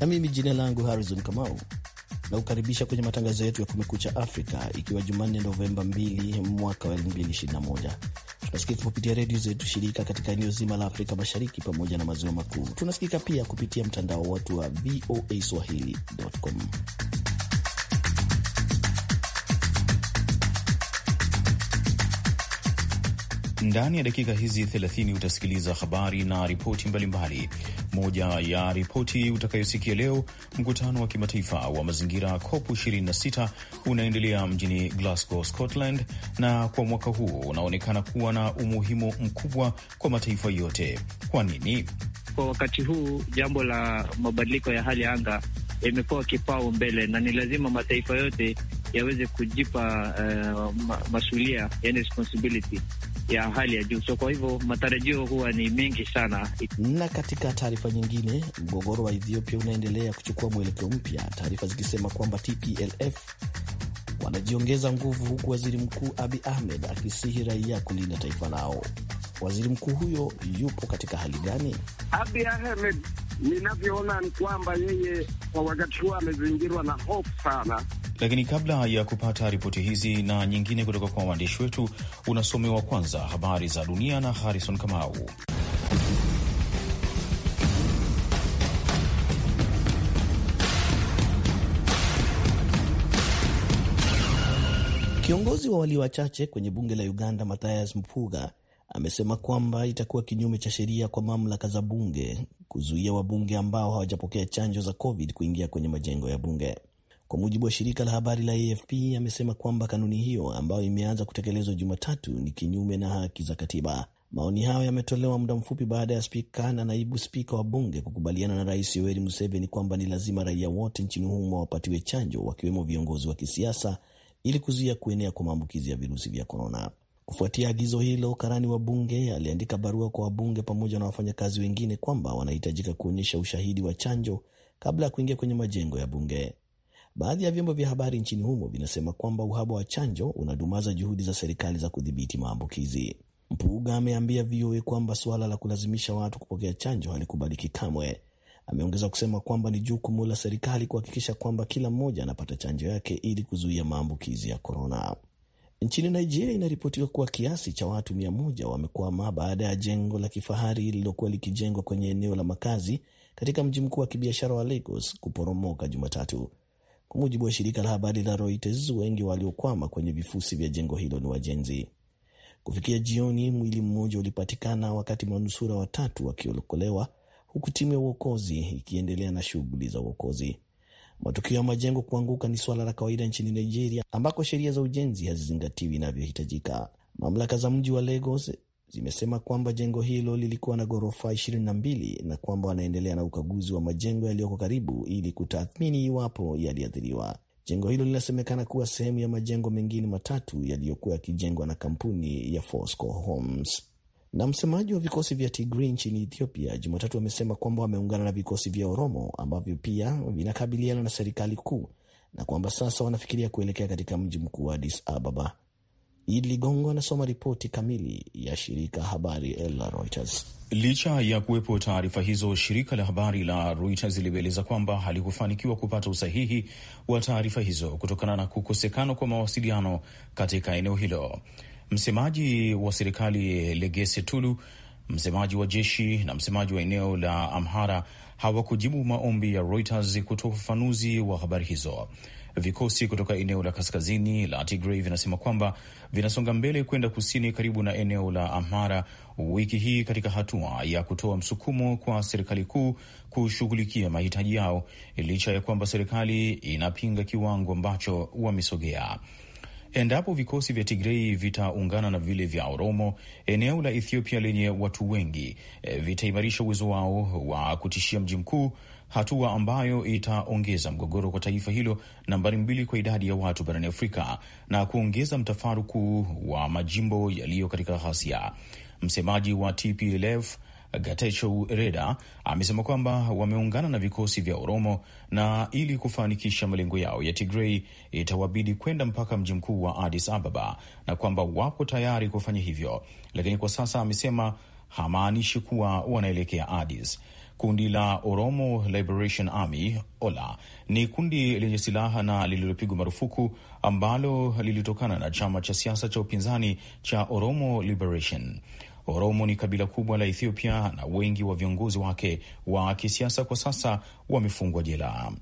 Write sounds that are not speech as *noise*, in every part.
na mimi jina langu Harrison Kamau na kukaribisha kwenye matangazo yetu ya Kumekucha Afrika, ikiwa Jumanne Novemba 2 mwaka wa 2021. Tunasikika kupitia redio zetu shirika katika eneo zima la Afrika Mashariki pamoja na maziwa makuu. Tunasikika pia kupitia mtandao wetu wa VOA swahili.com. Ndani ya dakika hizi 30 utasikiliza habari na ripoti mbalimbali moja ya ripoti utakayosikia leo. Mkutano wa kimataifa wa mazingira COP 26 unaendelea mjini Glasgow, Scotland, na kwa mwaka huu unaonekana kuwa na umuhimu mkubwa kwa mataifa yote. Kwa nini? Kwa wakati huu jambo la mabadiliko ya hali ya anga imekuwa kipao mbele na ni lazima mataifa yote yaweze kujipa uh, masulia yani responsibility ya hali ya juu. So kwa hivyo matarajio huwa ni mengi sana. Na katika taarifa nyingine, mgogoro wa Ethiopia unaendelea kuchukua mwelekeo mpya, taarifa zikisema kwamba TPLF wanajiongeza nguvu, huku waziri mkuu Abi Ahmed akisihi raia kulinda taifa lao. Waziri mkuu huyo yupo katika hali gani? Abi Ahmed, ninavyoona ni kwamba yeye kwa wakati huo amezingirwa na hofu sana lakini kabla ya kupata ripoti hizi na nyingine kutoka kwa waandishi wetu, unasomewa kwanza habari za dunia na Harrison Kamau. Kiongozi wa walio wachache kwenye bunge la Uganda Mathias Mpuga amesema kwamba itakuwa kinyume cha sheria kwa mamlaka za bunge kuzuia wabunge ambao hawajapokea chanjo za COVID kuingia kwenye majengo ya bunge. Kwa mujibu wa shirika la habari la AFP, amesema kwamba kanuni hiyo ambayo imeanza kutekelezwa Jumatatu ni kinyume na haki za katiba. Maoni hayo yametolewa muda mfupi baada ya spika na naibu spika wa bunge kukubaliana na Rais Yoweri Museveni kwamba ni lazima raia wote nchini humo wapatiwe chanjo, wakiwemo viongozi wa kisiasa ili kuzuia kuenea kwa maambukizi ya virusi vya korona. Kufuatia agizo hilo, karani wa bunge aliandika barua kwa wabunge pamoja na wafanyakazi wengine kwamba wanahitajika kuonyesha ushahidi wa chanjo kabla ya kuingia kwenye majengo ya bunge. Baadhi ya vyombo vya habari nchini humo vinasema kwamba uhaba wa chanjo unadumaza juhudi za serikali za kudhibiti maambukizi. Mpuuga ameambia VOA kwamba suala la kulazimisha watu kupokea chanjo halikubaliki kamwe. Ameongeza kusema kwamba ni jukumu la serikali kuhakikisha kwamba kila mmoja anapata chanjo yake ili kuzuia maambukizi ya korona. Nchini Nigeria inaripotiwa kuwa kiasi cha watu mia moja wamekwama baada ya jengo la kifahari lililokuwa likijengwa kwenye eneo la makazi katika mji mkuu wa kibiashara wa Lagos kuporomoka Jumatatu. Kwa mujibu wa shirika la habari la Reuters, wengi waliokwama kwenye vifusi vya jengo hilo ni wajenzi. Kufikia jioni, mwili mmoja ulipatikana wakati manusura watatu wakiokolewa, huku timu ya uokozi ikiendelea na shughuli za uokozi. Matukio ya majengo kuanguka ni suala la kawaida nchini Nigeria, ambako sheria za ujenzi hazizingatiwi inavyohitajika. Mamlaka za mji wa Lagos zimesema kwamba jengo hilo lilikuwa na ghorofa 22 na kwamba wanaendelea na ukaguzi wa majengo yaliyoko karibu ili kutathmini iwapo yaliathiriwa. Jengo hilo linasemekana kuwa sehemu ya majengo mengine matatu yaliyokuwa yakijengwa na kampuni ya Fosco Homes. Na msemaji wa vikosi vya Tigray nchini Ethiopia Jumatatu amesema kwamba wameungana na vikosi vya Oromo ambavyo pia vinakabiliana na serikali kuu na kwamba sasa wanafikiria kuelekea katika mji mkuu wa Addis Ababa. Idi Ligongo anasoma ripoti kamili ya shirika habari la Reuters. Licha ya kuwepo taarifa hizo, shirika la habari la Reuters limeeleza kwamba halikufanikiwa kupata usahihi wa taarifa hizo kutokana na kukosekana kwa mawasiliano katika eneo hilo. Msemaji wa serikali Legese Tulu, msemaji wa jeshi na msemaji wa eneo la Amhara hawakujibu maombi ya Reuters kutoa ufafanuzi wa habari hizo. Vikosi kutoka eneo la kaskazini la Tigray vinasema kwamba vinasonga mbele kwenda kusini karibu na eneo la Amhara wiki hii katika hatua ya kutoa msukumo kwa serikali kuu kushughulikia mahitaji yao licha ya kwamba serikali inapinga kiwango ambacho wamesogea. Endapo vikosi vya Tigrei vitaungana na vile vya Oromo, eneo la Ethiopia lenye watu wengi, eh, vitaimarisha uwezo wao wa kutishia mji mkuu hatua ambayo itaongeza mgogoro kwa taifa hilo nambari mbili kwa idadi ya watu barani Afrika na kuongeza mtafaruku wa majimbo yaliyo katika ghasia. Msemaji wa TPLF Getachew Reda amesema kwamba wameungana na vikosi vya Oromo na ili kufanikisha malengo yao ya Tigrei itawabidi kwenda mpaka mji mkuu wa adis Ababa na kwamba wapo tayari kufanya hivyo, lakini kwa sasa amesema hamaanishi kuwa wanaelekea adis Kundi la Oromo Liberation Army OLA ni kundi lenye silaha na lililopigwa marufuku ambalo lilitokana na chama cha siasa cha upinzani cha Oromo Liberation. Oromo ni kabila kubwa la Ethiopia na wengi wa viongozi wake wa kisiasa kwa sasa wamefungwa jela.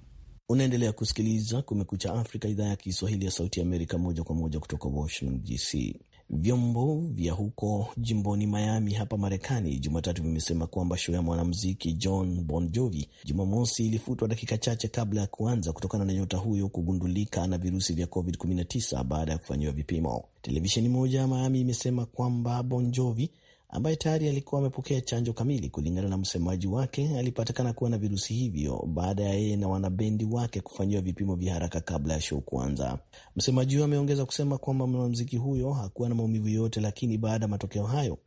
Unaendelea kusikiliza Kumekucha Afrika, idhaa ya Kiswahili ya Sauti ya Amerika, moja kwa moja kutoka Washington DC. Vyombo vya huko jimboni Miami hapa Marekani Jumatatu vimesema kwamba show ya mwanamuziki John Bon Jovi Jumamosi ilifutwa dakika chache kabla ya kuanza kutokana na nyota huyo kugundulika na virusi vya COVID-19 baada ya kufanyiwa vipimo. Televisheni moja ya Miami imesema kwamba Bon Jovi ambaye tayari alikuwa amepokea chanjo kamili. Kulingana na msemaji wake, alipatikana kuwa na virusi hivyo baada ya yeye na wanabendi wake kufanyiwa vipimo vya haraka kabla ya show kuanza. Msemaji huyo ameongeza kusema kwamba mwanamuziki huyo hakuwa na maumivu yoyote, lakini baada ya matokeo hayo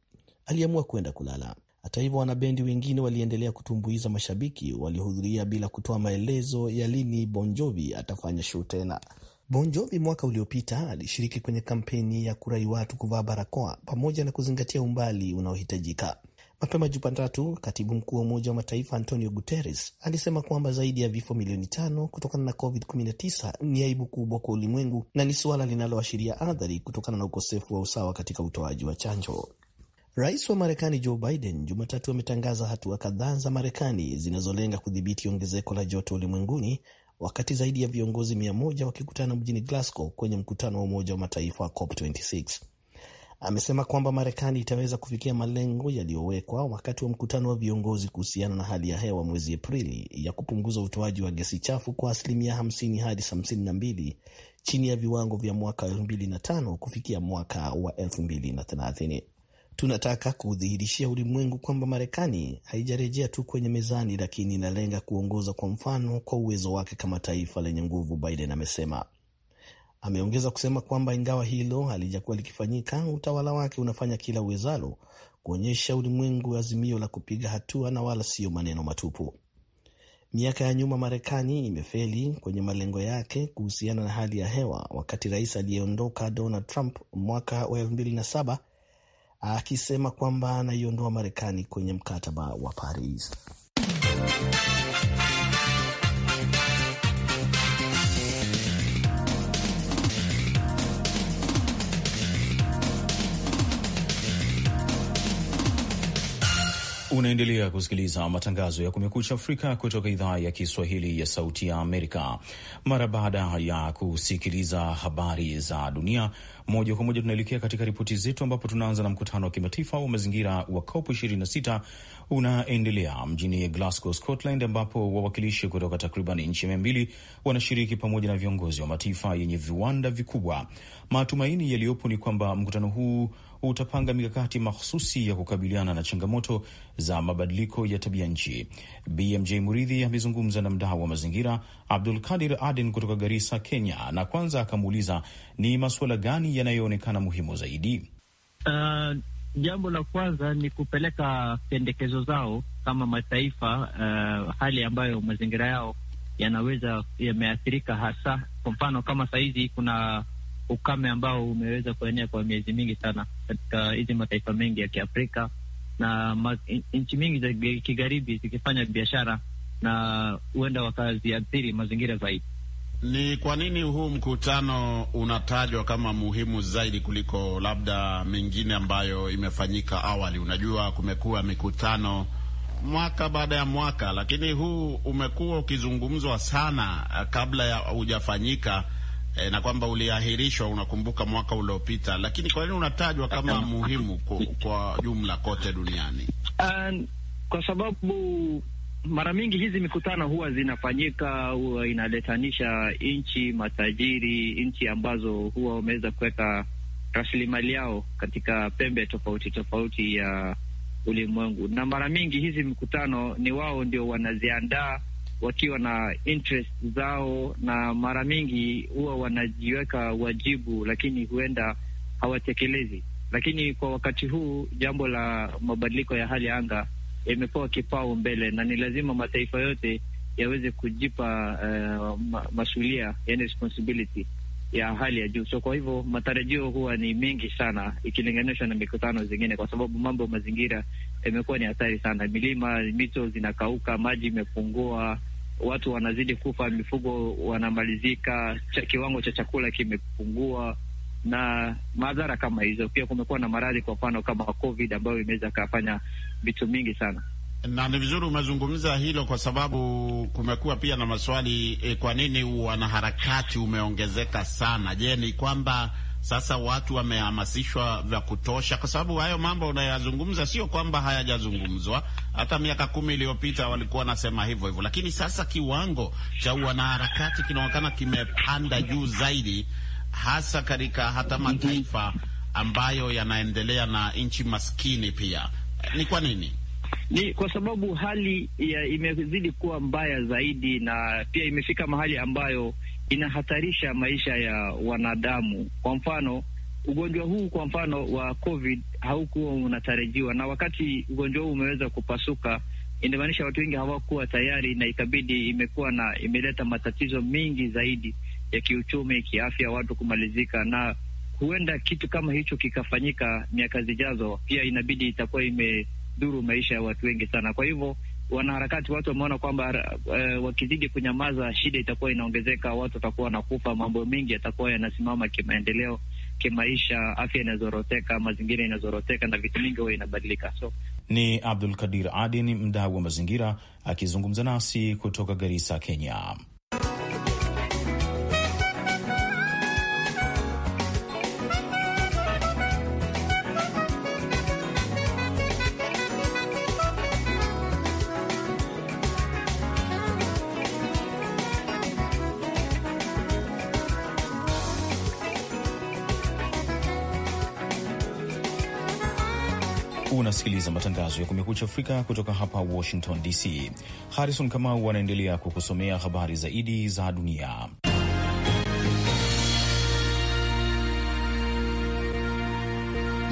aliamua kwenda kulala. Hata hivyo, wanabendi wengine waliendelea kutumbuiza mashabiki waliohudhuria bila kutoa maelezo ya lini Bon Jovi atafanya show tena. Bon Jovi mwaka uliopita alishiriki kwenye kampeni ya kurai watu kuvaa barakoa pamoja na kuzingatia umbali unaohitajika. Mapema Jumatatu, katibu mkuu wa Umoja wa Mataifa Antonio Guterres alisema kwamba zaidi ya vifo milioni tano kutokana na COVID-19 ni aibu kubwa kwa ulimwengu na ni suala linaloashiria athari kutokana na ukosefu wa usawa katika utoaji wa chanjo. Rais wa Marekani Joe Biden Jumatatu ametangaza hatua kadhaa za Marekani zinazolenga kudhibiti ongezeko la joto ulimwenguni wakati zaidi ya viongozi mia moja wakikutana mjini Glasgow kwenye mkutano wa Umoja wa Mataifa wa COP26. Amesema kwamba Marekani itaweza kufikia malengo yaliyowekwa wakati wa mkutano wa viongozi kuhusiana na hali ya hewa mwezi Aprili ya kupunguza utoaji wa gesi chafu kwa asilimia 50 hadi 52 chini ya viwango vya mwaka 2005 kufikia mwaka wa 2030. Tunataka kuudhihirishia ulimwengu kwamba Marekani haijarejea tu kwenye mezani, lakini inalenga kuongoza kwa mfano kwa uwezo wake kama taifa lenye nguvu, Biden amesema. Ameongeza kusema kwamba ingawa hilo halijakuwa likifanyika, utawala wake unafanya kila uwezalo kuonyesha ulimwengu azimio la kupiga hatua na wala siyo maneno matupu. Miaka ya nyuma Marekani imefeli kwenye malengo yake kuhusiana na hali ya hewa, wakati rais aliyeondoka Donald Trump mwaka wa 2007 akisema kwamba anaiondoa Marekani kwenye mkataba wa Paris. Unaendelea kusikiliza matangazo ya Kumekucha Afrika kutoka idhaa ya Kiswahili ya Sauti ya Amerika. Mara baada ya kusikiliza habari za dunia moja kwa moja, tunaelekea katika ripoti zetu, ambapo tunaanza na mkutano wa kimataifa wa mazingira wa COP 26 unaendelea mjini Glasgow, Scotland, ambapo wawakilishi kutoka takriban nchi mia mbili wanashiriki pamoja na viongozi wa mataifa yenye viwanda vikubwa. Matumaini yaliyopo ni kwamba mkutano huu utapanga mikakati makhususi ya kukabiliana na changamoto za mabadiliko ya tabia nchi. BMJ Muridhi amezungumza na mdau wa mazingira Abdul Kadir Aden kutoka Garissa, Kenya, na kwanza akamuuliza ni masuala gani yanayoonekana muhimu zaidi. Uh, jambo la kwanza ni kupeleka pendekezo zao kama mataifa, uh, hali ambayo mazingira yao yanaweza yameathirika, hasa kwa mfano kama sahizi kuna ukame ambao umeweza kuenea kwa miezi mingi sana katika hizi mataifa mengi ya Kiafrika na nchi mingi za kigharibi zikifanya biashara na huenda wakaziathiri mazingira zaidi. Ni kwa nini huu mkutano unatajwa kama muhimu zaidi kuliko labda mingine ambayo imefanyika awali? Unajua, kumekuwa mikutano mwaka baada ya mwaka, lakini huu umekuwa ukizungumzwa sana kabla ya hujafanyika e, na kwamba uliahirishwa, unakumbuka, mwaka uliopita, lakini kwa nini unatajwa kama *laughs* muhimu kwa, kwa jumla kote duniani? And, ah, kwa sababu mara mingi hizi mikutano huwa zinafanyika, huwa inaletanisha nchi matajiri, nchi ambazo huwa wameweza kuweka rasilimali yao katika pembe tofauti tofauti ya ulimwengu, na mara mingi hizi mikutano ni wao ndio wanaziandaa wakiwa na interest zao, na mara mingi huwa wanajiweka wajibu, lakini huenda hawatekelezi. Lakini kwa wakati huu jambo la mabadiliko ya hali ya anga imepewa kipao mbele na ni lazima mataifa yote yaweze kujipa uh, ma masulia, yani responsibility ya hali ya juu. So kwa hivyo matarajio huwa ni mengi sana ikilinganishwa na mikutano zingine, kwa sababu mambo ya mazingira yamekuwa ni hatari sana. Milima, mito zinakauka, maji imepungua, watu wanazidi kufa, mifugo wanamalizika, kiwango cha chakula kimepungua na madhara kama hizo. Pia kumekuwa na maradhi kwa mfano kama COVID ambayo imeweza kafanya vitu mingi sana na ni vizuri umezungumza hilo kwa sababu kumekuwa pia na maswali e, kwa nini wanaharakati umeongezeka sana? Je, ni kwamba sasa watu wamehamasishwa vya kutosha, kwa sababu hayo mambo unayazungumza sio kwamba hayajazungumzwa. Hata miaka kumi iliyopita walikuwa wanasema hivyo hivyo, lakini sasa kiwango cha wanaharakati kinaonekana kimepanda juu zaidi, hasa katika hata mataifa ambayo yanaendelea na nchi maskini pia. Ni kwa nini? Ni kwa sababu hali imezidi kuwa mbaya zaidi, na pia imefika mahali ambayo inahatarisha maisha ya wanadamu. Kwa mfano ugonjwa huu kwa mfano wa COVID haukuwa unatarajiwa, na wakati ugonjwa huu umeweza kupasuka, inamaanisha watu wengi hawakuwa tayari, na ikabidi imekuwa na imeleta matatizo mengi zaidi ya kiuchumi, kiafya, watu kumalizika, na huenda kitu kama hicho kikafanyika miaka zijazo, pia inabidi itakuwa imedhuru maisha ya watu wengi sana. Kwa hivyo wanaharakati, watu wameona kwamba e, wakizidi kunyamaza, shida itakuwa inaongezeka, watu watakuwa wanakufa, mambo mengi yatakuwa yanasimama kimaendeleo, kimaisha, afya inazoroteka, mazingira inazoroteka, na vitu mingi huwa inabadilika. So ni Abdul Kadir adin mdau wa mazingira, akizungumza nasi kutoka Garissa, Kenya. Unasikiliza matangazo ya Kumekucha Afrika kutoka hapa Washington DC. Harrison Kamau anaendelea kukusomea habari zaidi za dunia.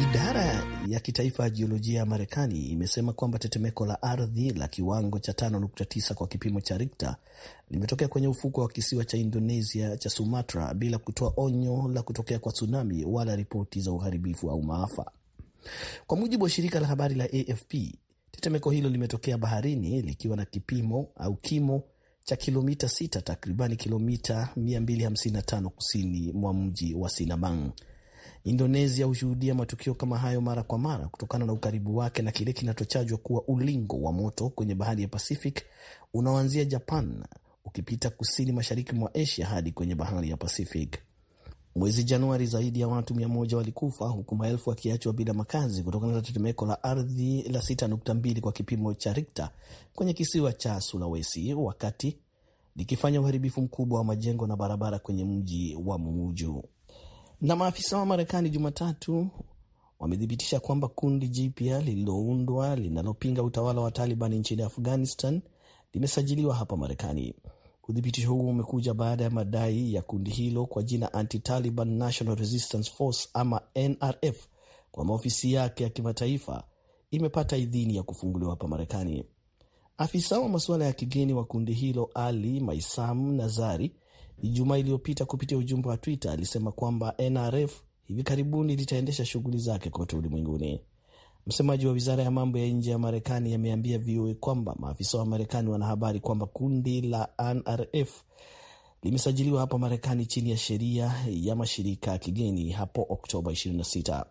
Idara ya kitaifa ya jiolojia ya Marekani imesema kwamba tetemeko la ardhi la kiwango cha 5.9 kwa kipimo cha rikta limetokea kwenye ufukwa wa kisiwa cha Indonesia cha Sumatra bila kutoa onyo la kutokea kwa tsunami wala ripoti za uharibifu au maafa. Kwa mujibu wa shirika la habari la AFP, tetemeko hilo limetokea baharini likiwa na kipimo au kimo cha kilomita 6 takribani kilomita 255 kusini mwa mji wa Sinabang. Indonesia hushuhudia matukio kama hayo mara kwa mara kutokana na ukaribu wake na kile kinachotajwa kuwa ulingo wa moto kwenye bahari ya Pacific unaoanzia Japan ukipita kusini mashariki mwa Asia hadi kwenye bahari ya Pacific. Mwezi Januari zaidi ya watu mia moja walikufa huku maelfu wakiachwa bila makazi kutokana na tetemeko la ardhi la 6.2 kwa kipimo cha rikta kwenye kisiwa cha Sulawesi, wakati likifanya uharibifu mkubwa wa majengo na barabara kwenye mji wa mumuju Na maafisa wa Marekani Jumatatu wamethibitisha kwamba kundi jipya lililoundwa linalopinga utawala wa Taliban nchini Afghanistan limesajiliwa hapa Marekani udhibitisho huo umekuja baada ya madai ya kundi hilo kwa jina Anti-Taliban National Resistance Force ama NRF kwamba ofisi yake ya kimataifa imepata idhini ya kufunguliwa hapa Marekani. Afisa wa masuala ya kigeni wa kundi hilo Ali Maisam Nazari Ijumaa iliyopita kupitia ujumbe wa Twitter alisema kwamba NRF hivi karibuni litaendesha shughuli zake kote ulimwenguni. Msemaji wa wizara ya mambo ya nje ya Marekani ameambia VOA kwamba maafisa wa Marekani wana habari kwamba kundi la NRF limesajiliwa hapa Marekani chini ya sheria ya mashirika ya kigeni hapo Oktoba 26.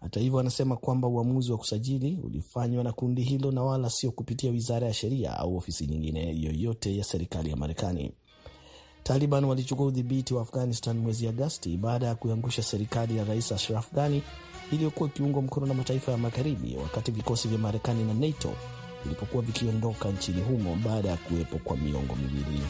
Hata hivyo, anasema kwamba uamuzi wa kusajili ulifanywa na kundi hilo na wala sio kupitia wizara ya sheria au ofisi nyingine yoyote ya serikali ya Marekani. Taliban walichukua udhibiti wa Afghanistan mwezi Agasti baada ya kuiangusha serikali ya Rais Ashraf Ghani iliyokuwa ikiungwa mkono na mataifa ya Magharibi, wakati vikosi vya Marekani na NATO vilipokuwa vikiondoka nchini humo baada ya kuwepo kwa miongo miwili.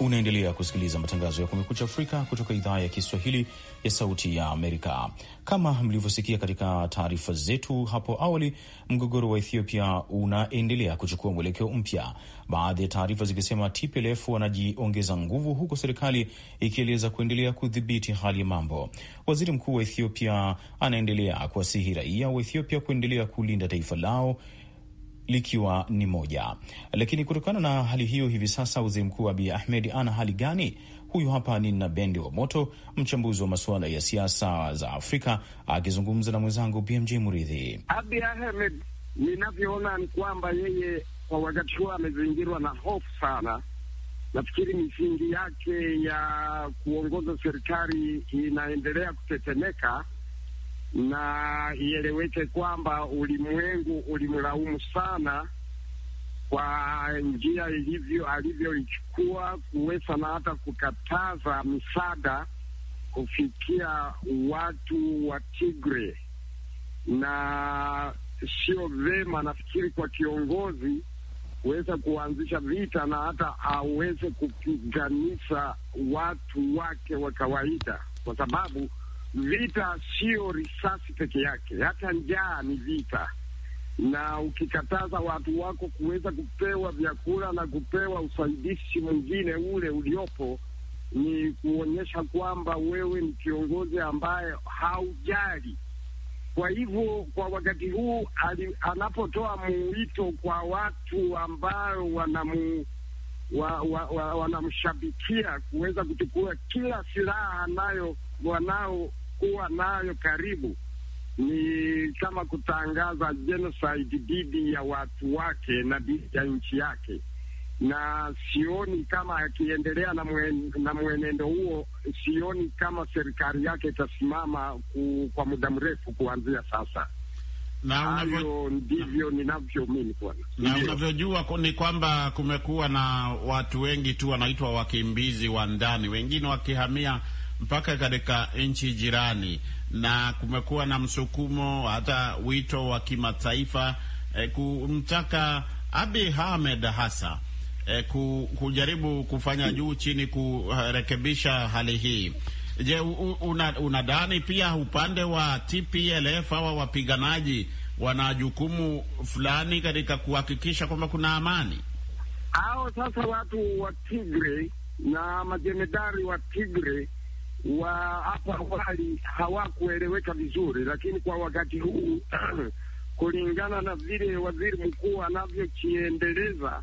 Unaendelea kusikiliza matangazo ya Kumekucha Afrika kutoka idhaa ya Kiswahili ya Sauti ya Amerika. Kama mlivyosikia katika taarifa zetu hapo awali, mgogoro wa Ethiopia unaendelea kuchukua mwelekeo mpya, baadhi ya taarifa zikisema TPLF wanajiongeza nguvu, huku serikali ikieleza kuendelea kudhibiti hali ya mambo. Waziri Mkuu wa Ethiopia anaendelea kuwasihi raia wa Ethiopia kuendelea kulinda taifa lao likiwa ni moja. Lakini kutokana na hali hiyo, hivi sasa waziri mkuu Abiy Ahmed ana hali gani? Huyu hapa ni Nabendi wa Moto, mchambuzi wa masuala ya siasa za Afrika, akizungumza na mwenzangu BMJ Muridhi. Abiy Ahmed, ninavyoona ni kwamba yeye kwa wakati huo amezingirwa na hofu sana. Nafikiri misingi yake ya kuongoza serikali inaendelea kutetemeka na ieleweke kwamba ulimwengu ulimlaumu sana kwa njia ilivyo alivyoichukua kuweza na hata kukataza misaada kufikia watu wa Tigre, na sio vema, nafikiri kwa kiongozi kuweza kuanzisha vita na hata aweze kupiganisha watu wake wa kawaida, kwa sababu Vita sio risasi peke yake, hata njaa ni vita, na ukikataza watu wako kuweza kupewa vyakula na kupewa usaidizi mwingine ule uliopo, ni kuonyesha kwamba wewe ni kiongozi ambaye haujali. Kwa hivyo kwa wakati huu anapotoa mwito kwa watu ambao wanamu wanamshabikia wa, wa, wa, kuweza kuchukua kila silaha anayo wanaokuwa nayo karibu ni kama kutangaza genocide dhidi ya watu wake na dhidi ya nchi yake, na sioni kama akiendelea na, mwen, na mwenendo huo, sioni kama serikali yake itasimama ku, kwa muda mrefu kuanzia sasa. Hayo ndivyo ninavyoamini bwana. Na unavyojua ni kwamba kumekuwa na watu wengi tu wanaitwa wakimbizi wa ndani, wengine wakihamia mpaka katika nchi jirani, na kumekuwa na msukumo, hata wito wa kimataifa eh, kumtaka Abi Ahmed hasa eh, kujaribu kufanya juu chini kurekebisha hali hii. Je, unadhani una pia upande wa TPLF hawa wapiganaji wana jukumu fulani katika kuhakikisha kwamba kuna amani? Hao sasa watu wa Tigre na majemedari wa Tigre wa hapo awali hawakueleweka vizuri, lakini kwa wakati huu *clears throat* kulingana na vile waziri mkuu anavyokiendeleza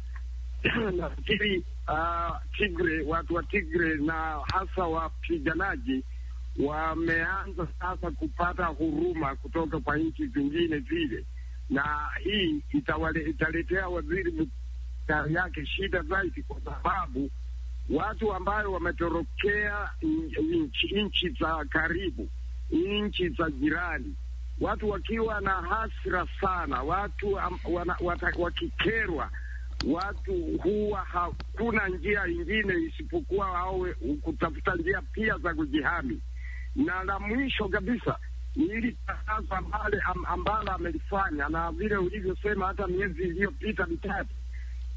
*clears throat* nafikiri uh, Tigre, watu wa Tigre na hasa wapiganaji wameanza sasa kupata huruma kutoka kwa nchi zingine zile, na hii italetea waziri mkuu yake shida zaidi kwa sababu watu ambayo wametorokea nchi za karibu, nchi za jirani, watu wakiwa na hasira sana, watu am, wana, wata, wakikerwa, watu huwa hakuna njia ingine isipokuwa awe kutafuta njia pia za kujihami. Na la mwisho kabisa ni hili tangazo ambalo amelifanya na vile ulivyosema hata miezi iliyopita mitatu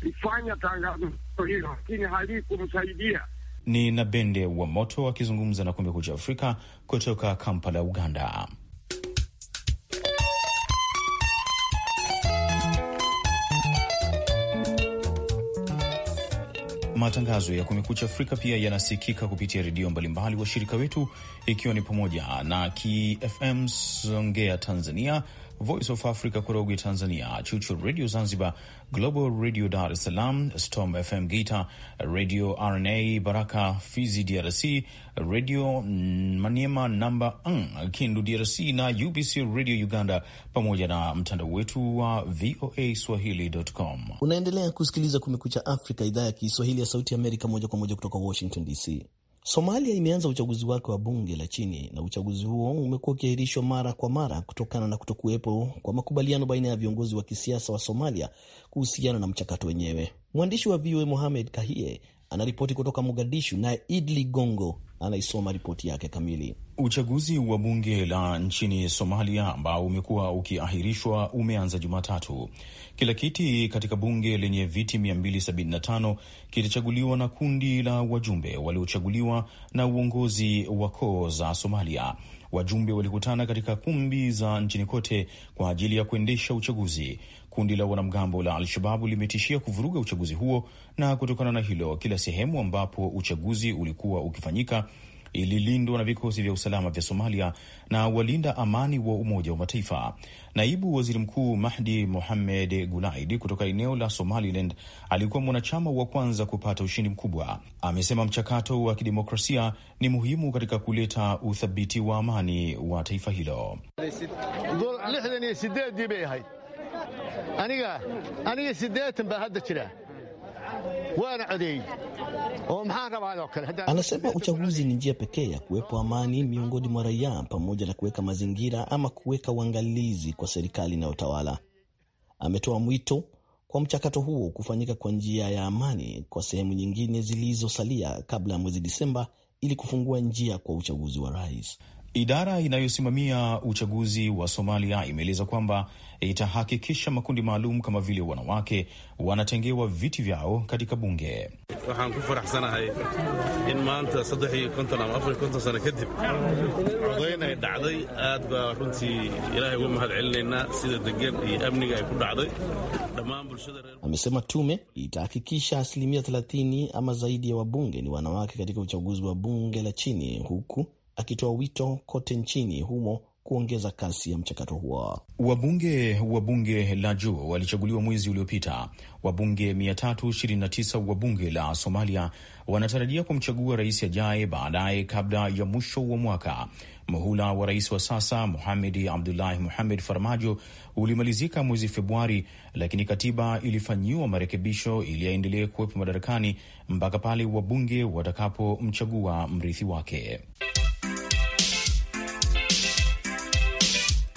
kulifanya tangazo hilo, lakini halikumsaidia. Ni Nabende wa Moto akizungumza na Kumbe Kucha Afrika kutoka Kampala, Uganda. Matangazo ya Kumekucha Afrika pia yanasikika kupitia redio mbalimbali washirika wetu, ikiwa ni pamoja na KFM Songea Tanzania, Voice of Africa Korogwe Tanzania, Chuchu Radio Zanzibar, Global Radio Dar es Salaam, Storm FM Geita, Radio RNA Baraka Fizi DRC, Radio Maniema namba Kindu DRC na UBC Radio Uganda, pamoja na mtandao wetu wa VOA Swahili.com. Unaendelea kusikiliza Kumekucha Afrika, idhaa ya Kiswahili ya Sauti ya Amerika, moja kwa moja kutoka Washington DC. Somalia imeanza uchaguzi wake wa bunge la chini na uchaguzi huo umekuwa ukiahirishwa mara kwa mara kutokana na kutokuwepo kwa makubaliano baina ya viongozi wa kisiasa wa Somalia kuhusiana na mchakato wenyewe. Mwandishi wa VOA Mohamed Kahie anaripoti kutoka Mogadishu, naye Idli Gongo anaisoma ripoti yake kamili. Uchaguzi wa bunge la nchini Somalia ambao umekuwa ukiahirishwa umeanza Jumatatu. Kila kiti katika bunge lenye viti 275 kitachaguliwa na kundi la wajumbe waliochaguliwa na uongozi wa koo za Somalia. Wajumbe walikutana katika kumbi za nchini kote kwa ajili ya kuendesha uchaguzi. Kundi la wanamgambo la Al-Shababu limetishia kuvuruga uchaguzi huo, na kutokana na hilo, kila sehemu ambapo uchaguzi ulikuwa ukifanyika ililindwa na vikosi vya usalama vya Somalia na walinda amani wa Umoja wa Mataifa. Naibu Waziri Mkuu Mahdi Mohamed Gulaid kutoka eneo la Somaliland alikuwa mwanachama wa kwanza kupata ushindi mkubwa. Amesema mchakato wa kidemokrasia ni muhimu katika kuleta uthabiti wa amani wa taifa hilo aniga aniga siddeetan baa hadda jira waana codeeyey oo maxaan rabaa kale. Anasema uchaguzi ni njia pekee ya kuwepo amani miongoni mwa raia pamoja na kuweka mazingira ama kuweka uangalizi kwa serikali utawala Ametoa mwito kwa mchakato huo kufanyika kwa njia ya amani kwa sehemu nyingine zilizosalia kabla ya mwezi Disemba ili kufungua njia kwa uchaguzi wa rais. Idara inayosimamia uchaguzi wa Somalia imeeleza kwamba itahakikisha makundi maalum kama vile wanawake wanatengewa viti vyao katika bunge. Amesema tume itahakikisha asilimia 30 ama zaidi ya wabunge ni wanawake katika uchaguzi wa bunge la chini huku akitoa wito kote nchini humo kuongeza kasi ya mchakato huo. Wabunge wa bunge la juu walichaguliwa mwezi uliopita. Wabunge 329 wa bunge la Somalia wanatarajia kumchagua rais ajaye baadaye kabla ya mwisho wa mwaka. Muhula wa rais wa sasa muhamed Abdullahi muhamed Farmajo ulimalizika mwezi Februari, lakini katiba ilifanyiwa marekebisho ili aendelee kuwepo madarakani mpaka pale wabunge watakapomchagua mrithi wake.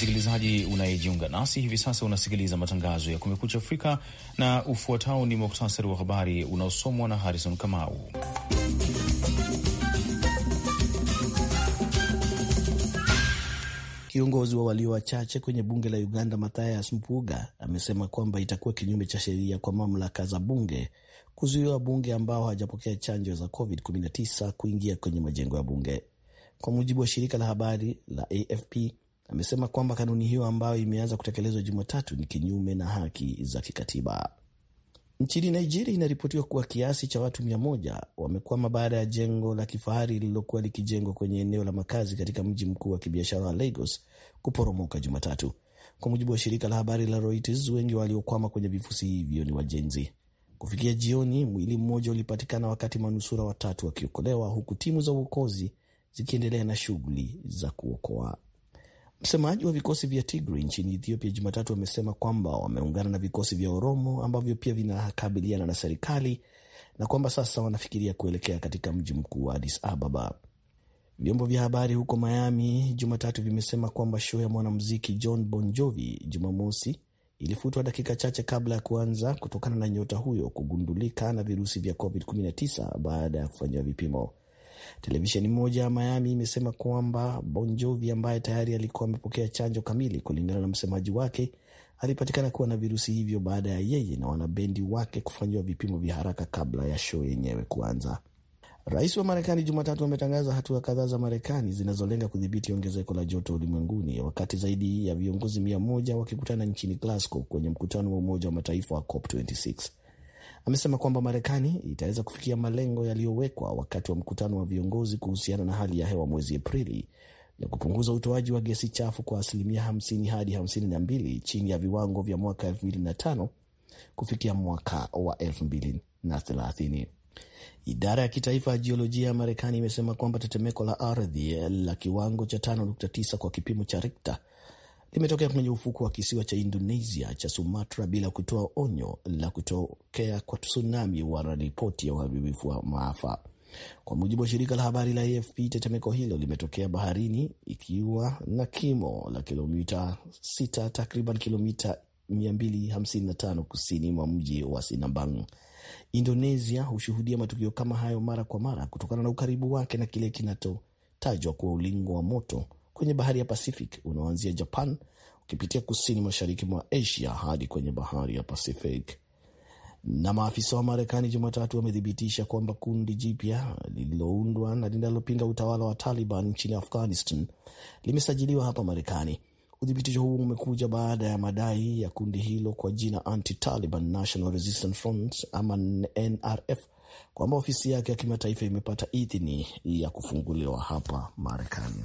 Msikilizaji unayejiunga nasi hivi sasa, unasikiliza matangazo ya Kumekucha Afrika, na ufuatao ni muktasari wa habari unaosomwa na Harrison Kamau. Kiongozi wa walio wachache kwenye bunge la Uganda, Mathias mpuga amesema kwamba itakuwa kinyume cha sheria kwa mamlaka za bunge kuzuiwa bunge ambao hawajapokea chanjo za COVID-19 kuingia kwenye majengo ya bunge. Kwa mujibu wa shirika la habari la AFP, amesema kwamba kanuni hiyo ambayo imeanza kutekelezwa Jumatatu ni kinyume na haki za kikatiba. Nchini Nigeria inaripotiwa kuwa kiasi cha watu mia moja wamekwama baada ya jengo la kifahari lililokuwa likijengwa kwenye eneo la makazi katika mji mkuu wa kibiashara wa Lagos kuporomoka Jumatatu, kwa mujibu wa shirika la habari la Reuters. Wengi waliokwama kwenye vifusi hivyo ni wajenzi. Kufikia jioni, mwili mmoja ulipatikana wakati manusura watatu wakiokolewa, huku timu za uokozi zikiendelea na shughuli za kuokoa. Msemaji wa vikosi vya Tigray nchini Ethiopia Jumatatu amesema kwamba wameungana na vikosi vya Oromo ambavyo pia vinakabiliana na serikali na kwamba sasa wanafikiria kuelekea katika mji mkuu wa Addis Ababa. Vyombo vya habari huko Miami Jumatatu vimesema kwamba show ya mwanamuziki John Bon Jovi Jumamosi ilifutwa dakika chache kabla ya kuanza kutokana na nyota huyo kugundulika na virusi vya COVID-19 baada ya kufanyiwa vipimo. Televisheni moja ya Miami imesema kwamba Bon Jovi ambaye tayari alikuwa amepokea chanjo kamili, kulingana na msemaji wake, alipatikana kuwa na virusi hivyo baada ya yeye na wanabendi wake kufanyiwa vipimo vya haraka kabla ya show yenyewe kuanza. Rais wa Marekani Jumatatu ametangaza hatua kadhaa za Marekani zinazolenga kudhibiti ongezeko la joto ulimwenguni, wakati zaidi ya viongozi mia moja wakikutana nchini Glasgow kwenye mkutano wa Umoja wa Mataifa wa COP amesema kwamba Marekani itaweza kufikia malengo yaliyowekwa wakati wa mkutano wa viongozi kuhusiana na hali ya hewa mwezi Aprili ya kupunguza utoaji wa gesi chafu kwa asilimia 50 hadi 52 chini ya viwango vya mwaka 2005 kufikia mwaka wa 2030. Idara ya kitaifa ya jiolojia ya Marekani imesema kwamba tetemeko la ardhi la kiwango cha 5.9 kwa kipimo cha Richter limetokea kwenye ufuko wa kisiwa cha Indonesia cha Sumatra bila kutoa onyo la kutokea kwa tsunami wala ripoti ya uharibifu wa maafa. Kwa mujibu wa shirika la habari la AFP, tetemeko hilo limetokea baharini ikiwa na kimo la kilomita 6 takriban kilomita 255 kusini mwa mji wa Sinabang. Indonesia hushuhudia matukio kama hayo mara kwa mara kutokana na ukaribu wake na kile kinachotajwa kuwa ulingo wa moto kwenye bahari ya Pacific unaoanzia Japan ukipitia kusini mashariki mwa Asia hadi kwenye bahari ya Pacific. Na maafisa wa Marekani Jumatatu wamethibitisha kwamba kundi jipya lililoundwa na linalopinga utawala wa Taliban nchini Afghanistan limesajiliwa hapa Marekani. Uthibitisho huo umekuja baada ya madai ya kundi hilo kwa jina Anti-Taliban National Resistance Front ama NRF kwamba ofisi yake ya kimataifa imepata idhini ya kufunguliwa hapa Marekani.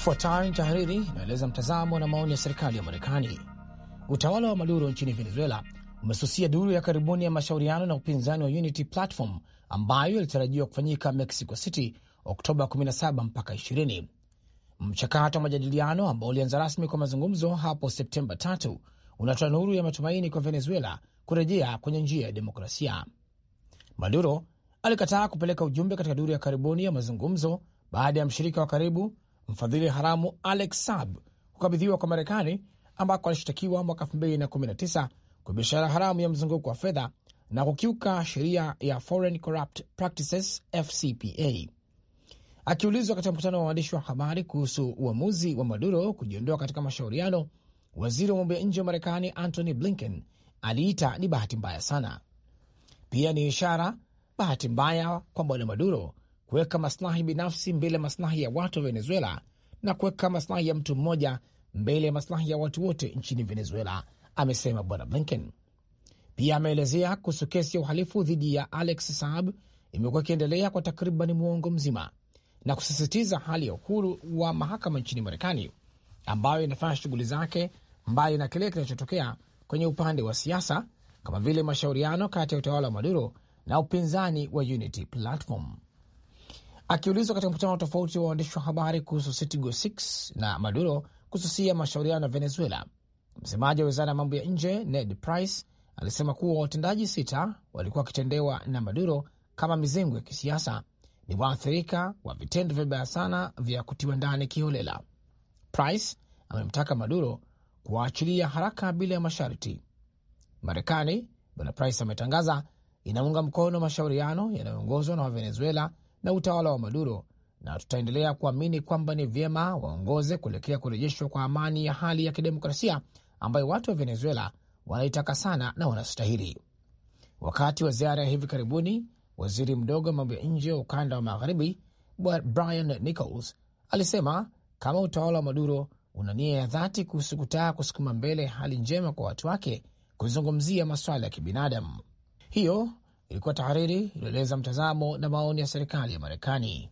Ifuatayo ni tahariri inaeleza mtazamo na maoni ya serikali ya Marekani. Utawala wa Maduro nchini Venezuela umesusia duru ya karibuni ya mashauriano na upinzani wa Unity Platform ambayo ilitarajiwa kufanyika Mexico City Oktoba 17 mpaka 20. Mchakato wa majadiliano ambao ulianza rasmi kwa mazungumzo hapo Septemba 3 unatoa nuru ya matumaini kwa Venezuela kurejea kwenye njia ya demokrasia. Maduro alikataa kupeleka ujumbe katika duru ya karibuni ya mazungumzo baada ya mshirika wa karibu mfadhili haramu Alex Saab kukabidhiwa kwa Marekani ambako alishtakiwa mwaka 2019 kwa biashara haramu ya mzunguko wa fedha na kukiuka sheria ya Foreign Corrupt Practices FCPA. Akiulizwa katika mkutano wa waandishi wa habari kuhusu uamuzi wa Maduro kujiondoa katika mashauriano, waziri wa mambo ya nje wa Marekani Antony Blinken aliita ni bahati mbaya sana, pia ni ishara bahati mbaya kwa bwana Maduro kuweka maslahi binafsi mbele ya maslahi ya watu wa Venezuela na kuweka maslahi ya mtu mmoja mbele ya maslahi ya watu wote nchini Venezuela, amesema Bwana Blinken. Pia ameelezea kuhusu kesi ya uhalifu dhidi ya Alex Saab imekuwa ikiendelea kwa takriban muongo mzima na kusisitiza hali ya uhuru wa mahakama nchini Marekani ambayo inafanya shughuli zake mbali na kile kinachotokea kwenye upande wa siasa kama vile mashauriano kati ya utawala wa Maduro na upinzani wa Unity Platform. Akiulizwa katika mkutano tofauti wa waandishi wa habari kuhusu Citigo 6 na Maduro kususia mashauriano ya Venezuela, msemaji wa wizara ya mambo ya nje Ned Price alisema kuwa watendaji sita walikuwa wakitendewa na Maduro kama mizengo ya kisiasa, ni waathirika wa vitendo vibaya sana vya kutiwa ndani kiholela. Price amemtaka Maduro kuwaachilia haraka bila ya masharti. Marekani, bwana Price ametangaza, inaunga mkono mashauriano yanayoongozwa na Wavenezuela na utawala wa Maduro, na tutaendelea kuamini kwamba ni vyema waongoze kuelekea kurejeshwa kwa amani ya hali ya kidemokrasia ambayo watu wa Venezuela wanaitaka sana na wanastahili. Wakati wa ziara ya hivi karibuni, waziri mdogo wa mambo ya nje wa ukanda wa magharibi Brian Nichols alisema kama utawala wa Maduro una nia ya dhati kuhusu kutaka kusukuma mbele hali njema kwa watu wake, kuzungumzia masuala ya kibinadamu, hiyo Ilikuwa tahariri ilieleza mtazamo na maoni ya serikali ya Marekani.